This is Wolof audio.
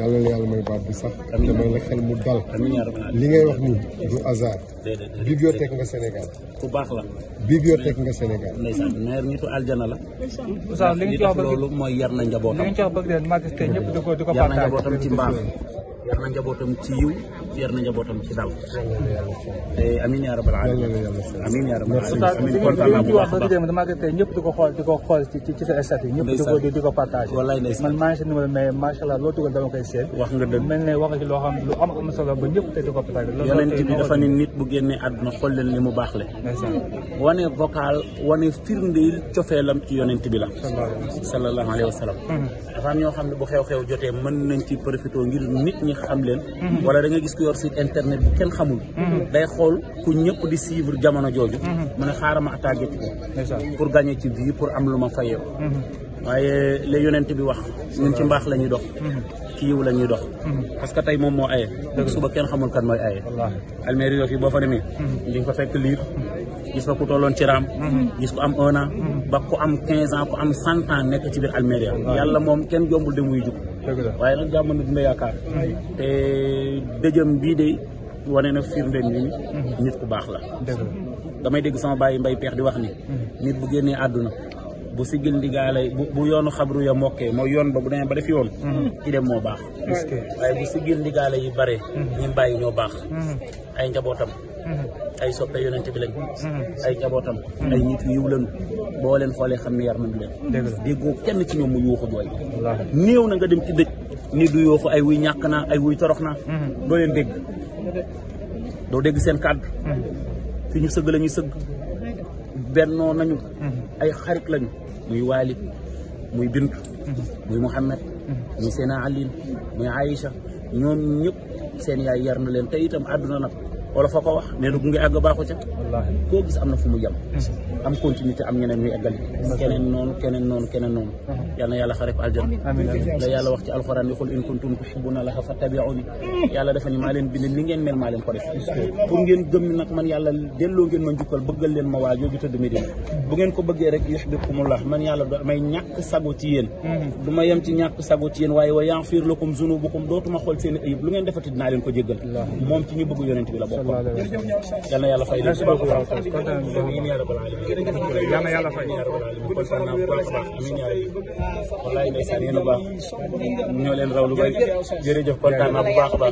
yàlla la yàlla may baat bi sax te may la xel mu dal li ngay wax nii du hasard bibliothèque nga Sénégal ku baax la bibliothèque nga Sénégal ndeysaan maire nitu aljana la li nga ci wax loolu mooy yar na njabootam li nga ci wax bëgg de ñëpp di ko di ko yar na njabootam ci mbaax yar na njabootam ci yiw yar na njabootam ci dal te amiin yaa rabbal aalamiin amiin yaa rabbal aalamiin kontaan naa bu baax dama ko tey ñëpp di ko xool di ko xool ci ci sa statut ñëpp di ko di ko partagé wallaay ndeysaan man maa ngi si numéro mais macha allah loo dugal dama koy seet wax nga dëgg mel ne wax nga ci loo xam lu am am solo ba ñëpp tey di ko partagé yonent bi dafa ne nit bu génnee àdduna xool leen li mu baax le wane vocal wane firndeel cofeelam ci yonent bi la sallallahu alayhi wa sallam mm-hmm. dafa am ñoo xam ne bu xew-xew jotee mën nañ ci profité ngir nit ñi xam leen wala da gis ku yor site internet bu kenn xamul day xool ku ñëpp di suivre jamono jooju mu ne xaaral ma attaqué ci ko pour gagner ci vie pour am lu ma fayeeku waaye la yonent bi wax ñun ci mbaax la ñuy dox ci yiw la ñuy dox parce que tey moom moo aye suba kenn xamul kan mooy aye almeeri yoo fi boo fa demee di nga ko fekk liir gis fa ku tolloon ci raam gis ko am un an ba ku am quinze ans ku am cent ans nekk ci biir almeeri yàlla moom kenn waaye nag jàmm na dina yaakaar te dëjëm bii de wane na firndeen ni mhm. nit ku baax la damay dégg sama bàyyi mbay peex di wax ni mhm. nit bu génnee àdduna bu sigil ndigaale bu bu yoonu xabru ya mokkee mooy yoon ba bu demee ba def yoon ci mm-hmm. dem moo baax waaye bu sigil ndigaale yi bare mm-hmm. ñi mbàyyi ñoo baax mm-hmm. ay njabootam ay soppe yonent bi lañ ay njabootam ay nit yiw boo leen xoolee xam ne yar nañu leen déggoo kenn ci ñoom mu yuuxu jooy néew na nga dem ci dëj ni du yuuxu ay wuy ñàkk na ay wuy torox na doo leen dégg doo dégg seen kàddu fi ñu sëgg la sëgg bennoo nañu ay xarit lañu muy Walid muy Bintu mhm. muy Mouhamed mhm. muy Seyna Aline muy Aïcha ñoom ñëpp seen yaay yar na leen te itam àdduna nag wala foo ko wax nee na gunge àgg baaxu ca koo gis am na fu mu yem mm-hmm. am continuité am ñeneen ñuy eggali mm-hmm. keneen noonu keneen noonu keneen noonu mm-hmm. yal na yàlla xareb aljana la yàlla wax ci alxuraan yi xul in kuntum tuhibbuna laha fattabi'uni yàlla dafa ni leen bind ni ngeen mel maa leen ko def pour ngeen gëm nag man yàlla delloo ngeen ma njukkal bëggal leen ma waa jooju tëdd Medina bu ngeen ko bëggee rek yuhbibkumullah man yàlla damay ñàkk sago ci du ma yem ci sallallahu alayhi wa sallam yal na yàlla fay merci beaucoup kontaan nañu ya rabbal alamin yal na yàlla fay ya rabbal alamin kontaan naa bu baax a baax amiin yaa rabbi wallaay ndeysaan yéen a baax ñoo leen raw lu bari jërëjëf kontaan naa bu baax a baax